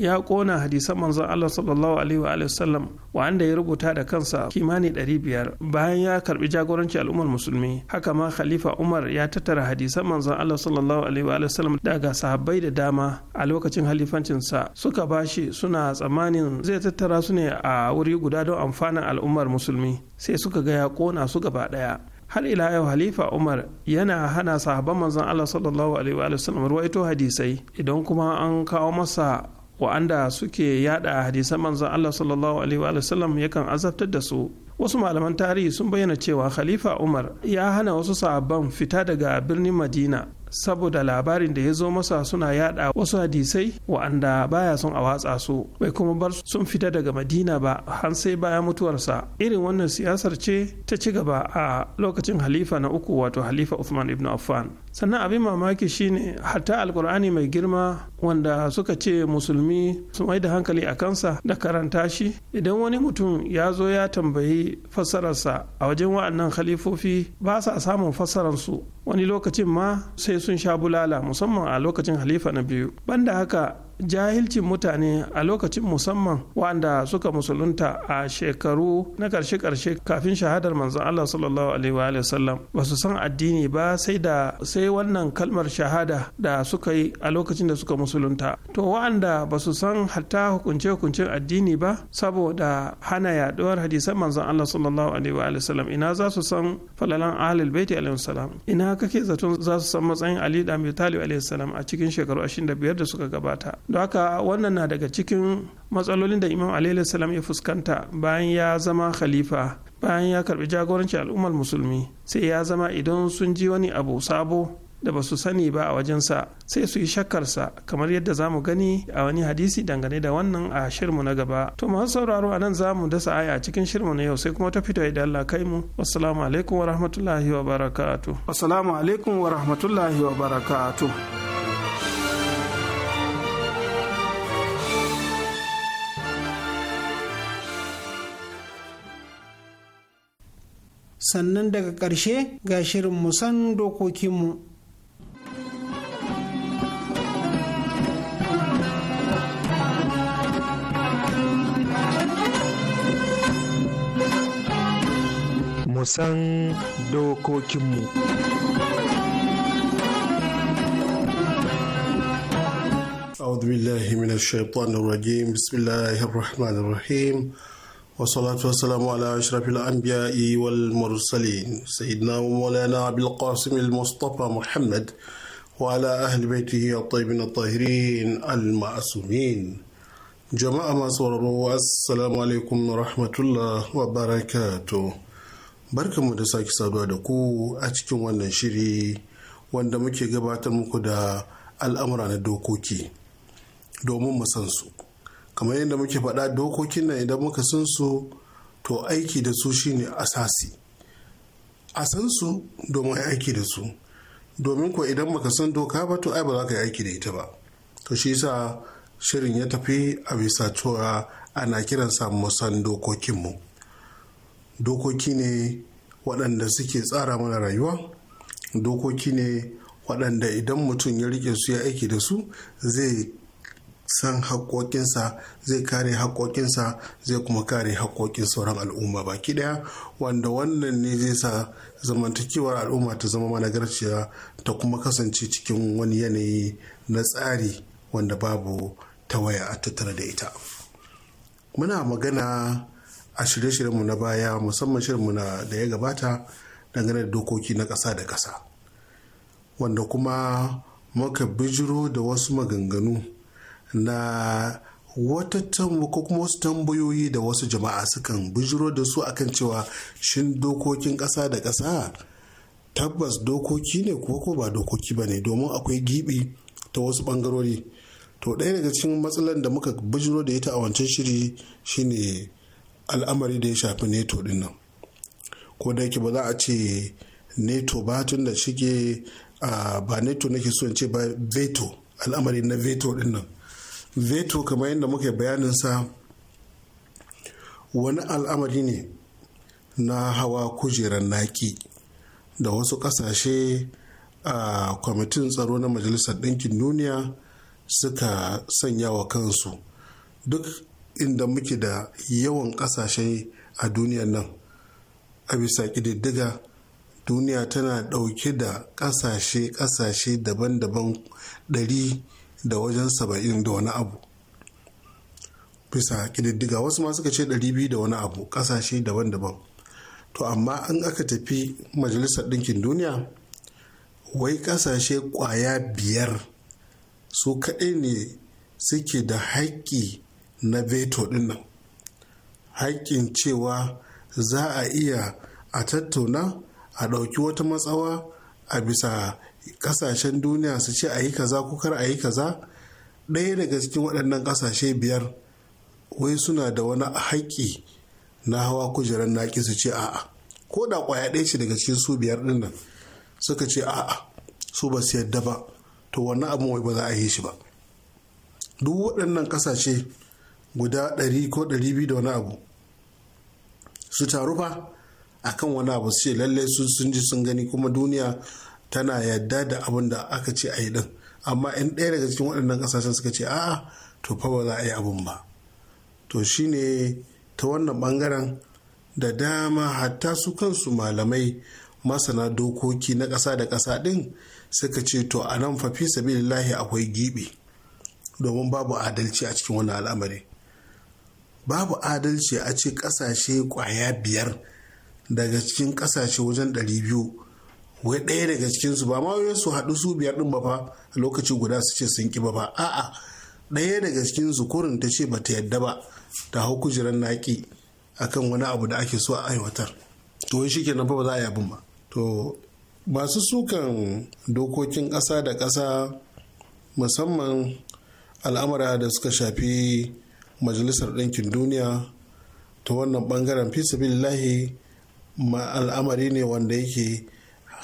ya kona hadisan manzon Allah sallallahu alaihi wa sallam wanda ya rubuta da kansa kimani 500 bayan ya karbi jagoranci al'ummar musulmi haka ma khalifa Umar ya tattara hadisan manzon Allah sallallahu alaihi wa sallam daga sahabbai da dama a lokacin halifancinsa suka bashi suna tsammanin zai tattara su ne a wuri guda don amfanin al'ummar musulmi sai suka ga ya kona su gaba daya har ila yau halifa umar yana hana sahaban manzon allah sallallahu alaihi wa sallam ruwaito hadisai idan kuma an kawo masa wa'anda suke yada hadisan manzon Allah sallallahu alaihi wa sallam yakan azabtar da su wasu malaman tarihi sun bayyana cewa khalifa umar ya hana wasu sahabban fita daga birnin madina saboda labarin da ya zo masa suna yada wasu hadisai wa'anda baya son a watsa su bai kuma bar sun fita daga madina ba har sai bayan mutuwarsa irin wannan siyasar ce ta ci gaba a lokacin halifa na uku wato halifa usman ibn Affan sannan abin mamaki shine hatta alkur'ani mai girma wanda suka ce musulmi su mai da hankali a kansa da karanta shi idan wani mutum ya zo ya tambayi fassararsa a wajen wa'annan halifofi ba sa samun fassararsu wani lokacin ma sai sun sha bulala musamman a lokacin halifa na biyu banda haka jahilcin mutane a lokacin musamman wanda suka musulunta a shekaru na karshe-karshe kafin shahadar manzon Allah sallallahu alaihi wa sallam ba su san addini ba sai da sai wannan kalmar shahada da suka yi a lokacin da suka musulunta to wa'anda ba su san hatta hukunce-hukuncen addini ba saboda hana yaduwar hadisan manzon Allah sallallahu alaihi wa sallam ina za su san falalan ahlul baiti alaihi salam ina kake zaton za su san matsayin Ali da Abi Talib alaihi salam a cikin shekaru 25 da suka gabata don haka wannan na daga cikin matsalolin da imam alayhi salam ya fuskanta bayan ya zama khalifa bayan ya karbi jagoranci al'ummar musulmi sai ya zama idan sun ji wani abu sabo da ba su sani ba a wajensa sai su yi shakkarsa kamar yadda za mu gani a wani hadisi dangane da wannan a shirmu na gaba to masu sauraro a nan za mu dasa aya a cikin shirmu na yau sai kuma ta fito idan Allah kai mu assalamu alaikum wa rahmatullahi wa barakatuh assalamu alaikum wa rahmatullahi wa barakatuh sannan daga ƙarshe ga shirin musan dokokinmu. Musan dokokinmu. أعوذ بالله من الشيطان الرجيم بسم الله الرحمن الرحيم والصلاة والسلام على أشرف الأنبياء والمرسلين سيدنا ومولانا أبي القاسم المصطفى محمد وعلى أهل بيته الطيبين الطاهرين المعصومين jama'a masu wararo assalamu alaikum wa rahmatullah wa barakatu da sake saduwa da ku a cikin wannan shiri wanda muke gabatar muku da al'amura na dokoki domin mu san su kamar yadda muke faɗa dokokin nan idan muka san su to aiki da su shine asasi a san su domin aiki da su domin ko idan baka san doka ba to ai ba za ka yi aiki da ita ba to shi yasa shirin ya tafi a bisa cewa ana kiran kiransa musan dokokinmu dokoki ne waɗanda suke tsara mana rayuwa dokoki ne waɗanda idan mutum ya rike su ya aiki da su zai san haƙoƙinsa zai kare haƙoƙinsa zai kuma kare haƙoƙin sauran al'umma baki ɗaya wanda wannan ne zai sa zamantakewar al'umma ta zama managarciya ta kuma kasance cikin wani yanayi na tsari wanda babu tawaya a tattara da ita muna magana a shirye-shiryenmu na baya musamman shirinmu da ya gabata dangane da dokoki na ƙasa da ƙasa wanda kuma muka bijiro da wasu maganganu na wata ko kuma wasu tambayoyi da wasu jama'a sukan bujiro da su akan cewa shin dokokin kasa da ƙasa tabbas dokoki ne ko ko ba dokoki ba ne domin akwai gibi ta wasu ɓangarori to ɗaya daga cikin matsalar da muka bujiro da ita a wancan shiri shine al'amari da ya shafi neto din nan ko da yake ba za a ce neto ba tun da shige ba neto nake so in ce ba veto al'amari na veto din nan veto kamar yadda muke bayanin sa wani al'amari ne na hawa kujerar naki da wasu kasashe a kwamitin tsaro na majalisar ɗinkin duniya suka sanya wa kansu duk inda muke da yawan kasashe a duniya nan a bisa ƙididdiga duniya tana ɗauke da ƙasashe-ƙasashe daban-daban ɗari da wajen saba'in da wani abu bisa ƙididdiga wasu ma suka ce ɗari da wani abu ƙasashe daban-daban to amma in aka tafi majalisar ɗinkin duniya wai ƙasashe ƙwaya biyar su kaɗai ne suke da haƙƙi na veto ɗin haƙƙin cewa za a iya a tattauna a ɗauki wata matsawa a bisa kasashen duniya su ce a yi kaza ko kar a yi kaza ɗaya daga cikin waɗannan kasashe biyar wai suna da wani haƙƙi na hawa kujerar naƙi su ce a'a ko da ƙwaya ɗaya ce daga cikin su biyar ɗin nan suka ce a'a su ba su yadda ba to wannan abu wai ba za a yi shi ba duk waɗannan ƙasashe guda ɗari ko ɗari biyu da wani abu su taru fa akan wani abu su ce lallai sun ji sun gani kuma duniya tana yadda da abin da aka ce a yi din amma in ɗaya daga cikin waɗannan ƙasashen suka ce a'a to fa ba za a yi abin ba to shine ta wannan ɓangaren da dama hatta su kansu malamai masana dokoki na ƙasa da ƙasa ɗin suka ce to a nan fafi sabilillahi akwai giɓi domin babu adalci a cikin wannan al'amari babu adalci a ce ƙasashe ƙwaya biyar daga cikin ƙasashe wajen ɗari biyu wai ɗaya daga cikinsu ba ma wai su haɗu su biyar ɗin ba fa a lokaci guda su ce sun ƙi ba ba a'a ɗaya daga cikinsu kurin ta ce bata yadda ba ta hau kujerar naƙi akan wani abu da ake so a aiwatar to shi kenan fa ba za a yi abin ba to masu sukan dokokin ƙasa da ƙasa musamman al'amura da suka shafi majalisar ɗinkin duniya ta wannan ɓangaren fi al'amari ne wanda yake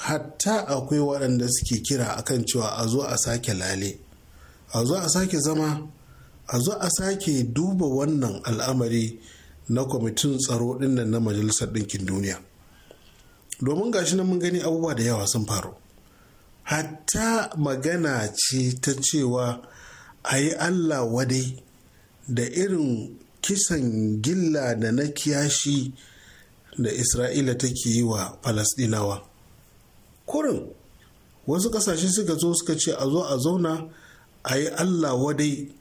hatta akwai waɗanda suke kira akan cewa a zo a sake lale a zo a sake zama a zo a sake duba wannan al'amari na kwamitin tsaro dinnan na majalisar ɗinkin duniya domin gashi nan mun gani abubuwa da yawa sun faru hatta magana ce ta cewa a yi allah wadai da irin kisan gilla da na kiyashi da isra'ila take yi wa falasdinawa kurin wasu kasashe suka zo suka ce a zo a zauna a yi allah wadai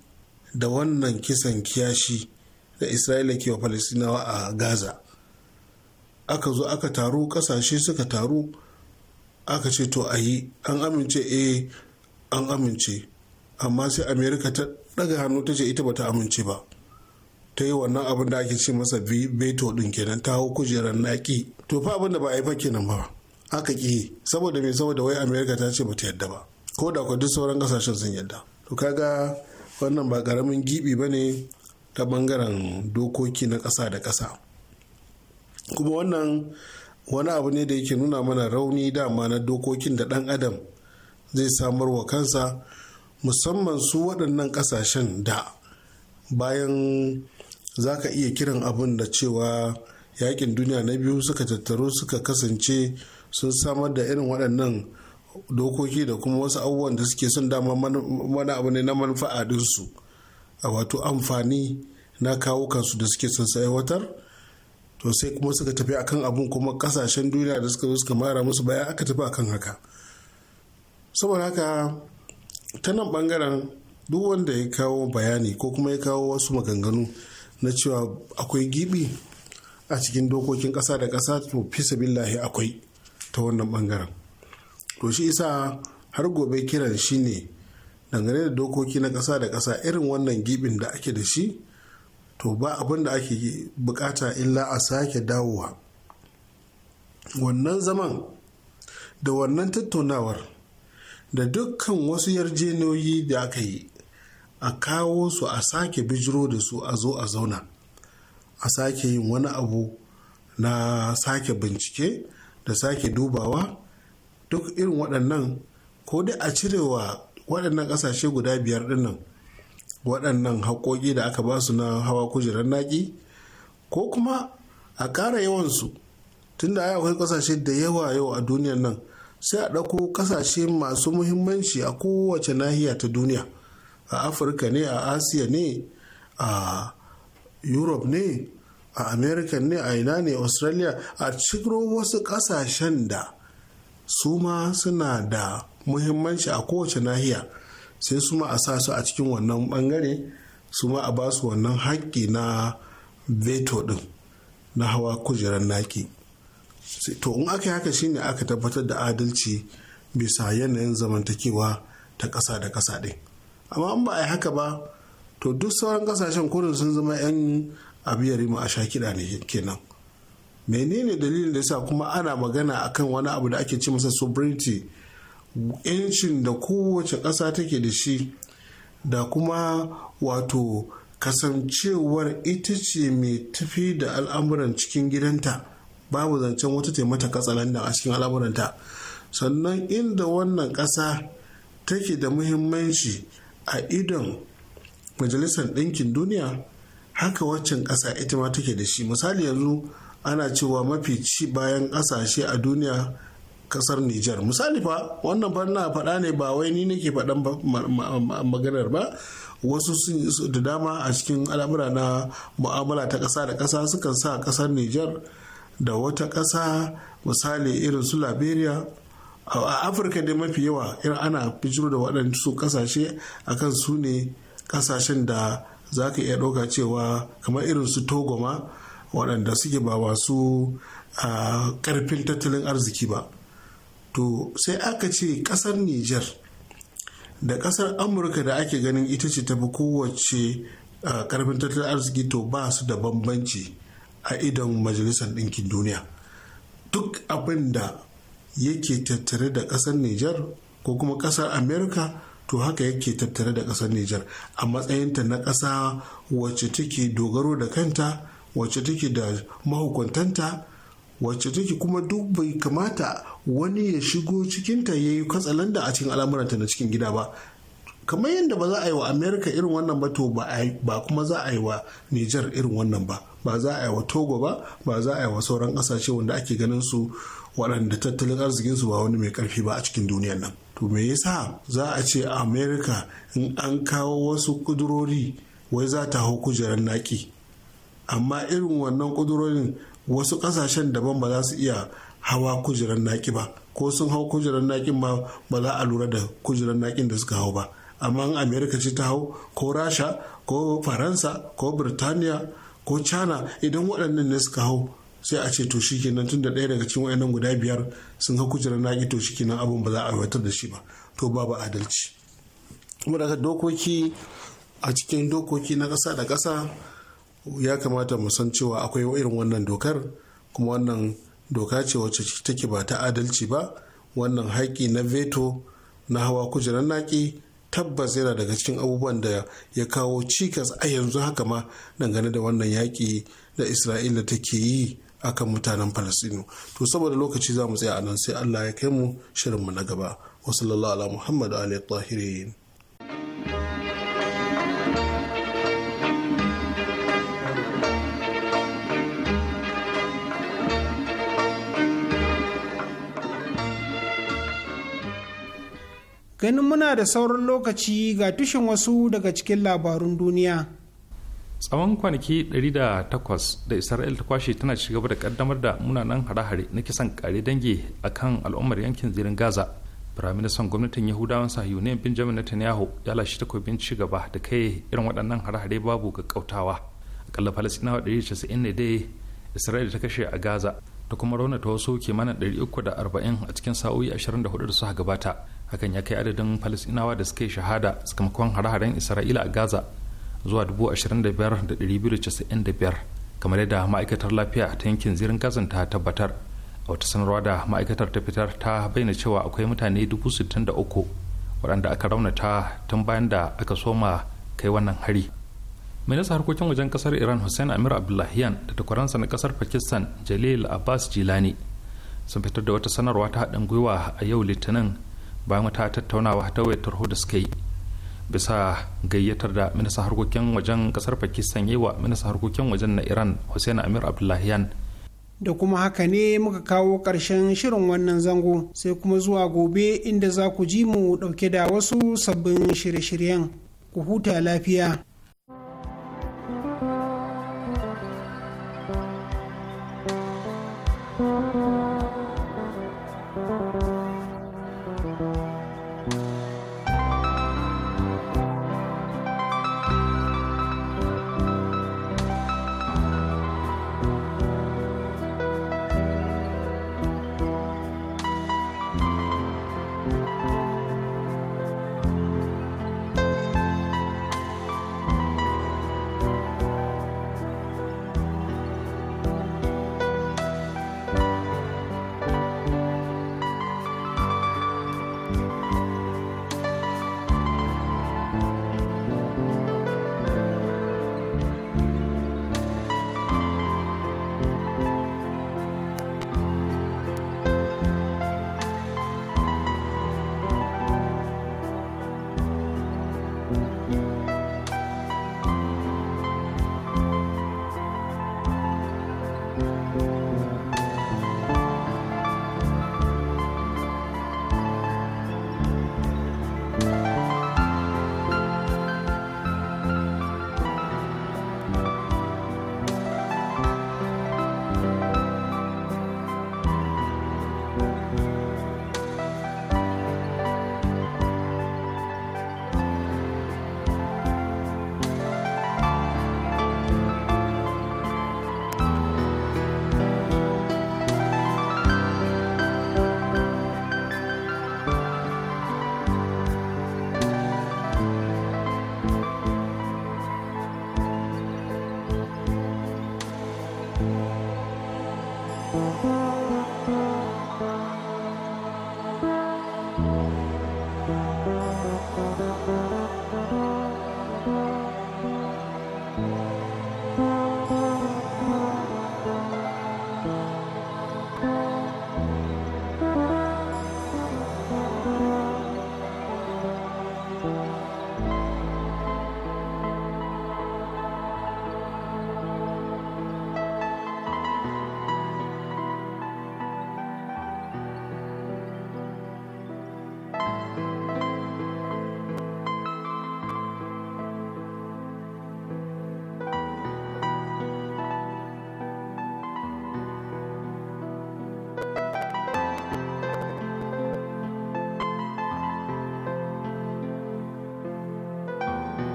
da wannan kisan kiyashi da isra'ila ke wa falastinawa a gaza aka zo aka taru kasashe suka taru aka ce to a yi an amince eh an amince amma sai amerika ta daga hannu ta ce ita bata amince ba ta yi wannan abin da ake ce masa beto din kenan ta hau kujerar naki to fa abin da ba a yi fa kenan ba aka ki saboda mai saboda wai amerika ta ce bata yadda ba ko da kwadu sauran kasashen sun yadda to kaga wannan ba karamin gibi ba ne ta bangaren dokoki na ƙasa da kasa kuma wannan wani abu ne da yake nuna mana rauni dama na dokokin da ɗan adam zai samar wa kansa musamman su waɗannan ƙasashen da bayan za ka iya kiran abin da cewa yakin duniya na biyu suka tattaro suka kasance sun samar da irin waɗannan dokoki da kuma wasu abubuwan da suke son dama wani abu ne na manufa a wato amfani na kawo kansu da suke son aiwatar to sai kuma suka tafi akan abun kuma kasashen duniya da suka zo suka mara musu baya aka tafi akan haka saboda haka ta nan bangaren duk wanda ya kawo bayani ko kuma ya kawo wasu maganganu na cewa akwai gibi a cikin dokokin ƙasa da ƙasa to fi billahi akwai ta wannan bangaren to shi isa har gobe kiran shi ne dangane da dokoki na ƙasa da ƙasa irin wannan gibin da ake da shi to ba abin da ake bukata illa a sake dawowa wannan zaman da wannan tattaunawar da dukkan wasu yarjeniyoyi da aka yi a kawo su a sake bijiro da su a zo a zauna a sake yin wani abu na sake bincike da sake dubawa duk irin waɗannan ko dai a cirewa waɗannan ƙasashe guda biyar dinnan waɗannan haƙoƙi da aka basu na hawa kujerar naƙi ko kuma a ƙara yawansu tunda ya akwai ƙasashe da yawa yau a duniyar nan sai a ɗauko ƙasashe masu muhimmanci a kowace nahiya ta duniya a afirka ne a asiya ne a europe ne a america ne a ina ne australia a cikin wasu kasashen da su ma suna da muhimmanci a kowace nahiya sai su ma a sa su a cikin wannan bangare su ma a ba su wannan haƙƙi na veto din na hawa kujerar naki to in aka yi haka shine aka tabbatar da adalci bisa yanayin zamantakewa ta ƙasa da ƙasa din. amma in ba a yi haka ba to duk sauran ƙasashen kudin sun zama 'yan abiyar mu a sha kiɗa ne kenan menene dalilin da yasa kuma ana magana akan wani abu da ake ce masa sovereignty yancin da kowace ƙasa take da shi da kuma wato kasancewar ita ce mai tafi da al'amuran cikin gidanta babu zancen wata taimata da a cikin al'amuranta sannan inda wannan ƙasa take da muhimmanci a idon majalisar ɗinkin duniya haka waccan ƙasa ita ma take da shi misali yanzu ana cewa mafi ci bayan ƙasashe a duniya ƙasar Nijar. Misali fa wannan fa na faɗa ne ba wai ni nake faɗan maganar ba wasu sun da dama a cikin al'amura na mu'amala ta ƙasa da ƙasa sukan sa ƙasar Nijar da wata ƙasa misali irin su Liberia a Afirka dai mafi yawa irin ana bijiro da waɗansu ƙasashe akan su ne ƙasashen da za ka iya ɗauka cewa kamar irin su togo waɗanda suke ba masu ƙarfin tattalin arziki ba to sai aka ce ƙasar niger da ƙasar amurka da ake ganin ita ce tafi kowace ƙarfin tattalin arziki to ba su da bambanci a idon majalisar ɗinkin duniya duk abin da yake tattare da ƙasar niger ko kuma ƙasar Amurka? to haka yake tattare da ƙasar Nijar a matsayinta na ƙasa wacce take dogaro da kanta wacce take da mahukuntanta wacce take kuma duk bai kamata wani ya shigo cikinta ya yi katsalanda a cikin al'amuranta na cikin gida ba kamar yadda ba za a yi wa amerika irin wannan ba to ba kuma za a yi wa nijar irin wannan ba ba za a yi wa togo ba ba za a yi wa sauran kasashe wanda ake ganin su waɗanda tattalin arzikinsu ba wani mai ƙarfi ba a cikin duniyar nan to me yasa za a ce a Amerika in an kawo wasu kudurori wai za ta hau kujerar naƙi? amma irin wannan kudurorin wasu ƙasashen daban ba za su iya hawa kujerar naki ba ko sun hau kujerar nakin ma ba za a lura da kujerar nakin da suka hau ba amma in Amerika ce ta hau ko rasha ko faransa ko birtaniya ko china idan waɗannan ne suka hau sai a ce to nan tun da ɗaya daga cikin wayannan guda biyar sun hau kujerar naki to nan abin ba za a aiwatar da shi ba to babu adalci kuma daga dokoki a cikin dokoki na ƙasa da ƙasa ya kamata mu san cewa akwai irin wannan dokar kuma wannan doka ce wacce take ba ta adalci ba wannan haƙƙi na veto na hawa kujerar naki tabbas yana daga cikin abubuwan da ya kawo cikas a yanzu haka ma dangane da wannan yaƙi da isra'ila take yi akan mutanen Falasɗinu. To saboda lokaci za mu tsaya a nan sai Allah ya kai mu shirinmu na gaba. Wa muhammadu ala Muhammad Ali Tahirin. Ganin muna da sauran lokaci ga tushen wasu daga cikin labarun duniya. tsawon kwanaki 108 da isra'il ta kwashe tana ci gaba da kaddamar da munanan hare-hare na kisan kare dangi a kan al'ummar yankin zirin gaza firaministan gwamnatin yahudawan sahiyuniyan benjamin netanyahu ya lashe takobin ci gaba da kai irin waɗannan hare-hare babu kautawa akalla falastinawa 190 ne dai isra'il ta kashe a gaza ta kuma ta wasu kimanin 340 a cikin sa'o'i 24 da suka gabata hakan ya kai adadin falasinawa da suka yi shahada sakamakon hare-haren isra'ila a gaza zuwa 25,295 kamar yadda ma'aikatar lafiya ta yankin zirin gazan ta tabbatar a wata sanarwa da ma'aikatar ta fitar ta bayyana cewa akwai mutane 63,000 waɗanda aka raunata tun bayan da aka soma kai wannan hari minista harkokin wajen kasar iran hussein amir abdullahiyan da takwaransa na kasar pakistan jalil abbas jilani sun fitar da wata sanarwa ta haɗin gwiwa a yau litinin bayan wata tattaunawa ta wayar tarho da suka yi bisa gayyatar da minista harkokin wajen kasar pakistan yi wa minista harkokin wajen na iran hussein amir abdullahian da kuma haka ne muka kawo ƙarshen shirin wannan zango sai kuma zuwa gobe inda za ku ji mu ɗauke da wasu sabbin shirye-shiryen ku huta lafiya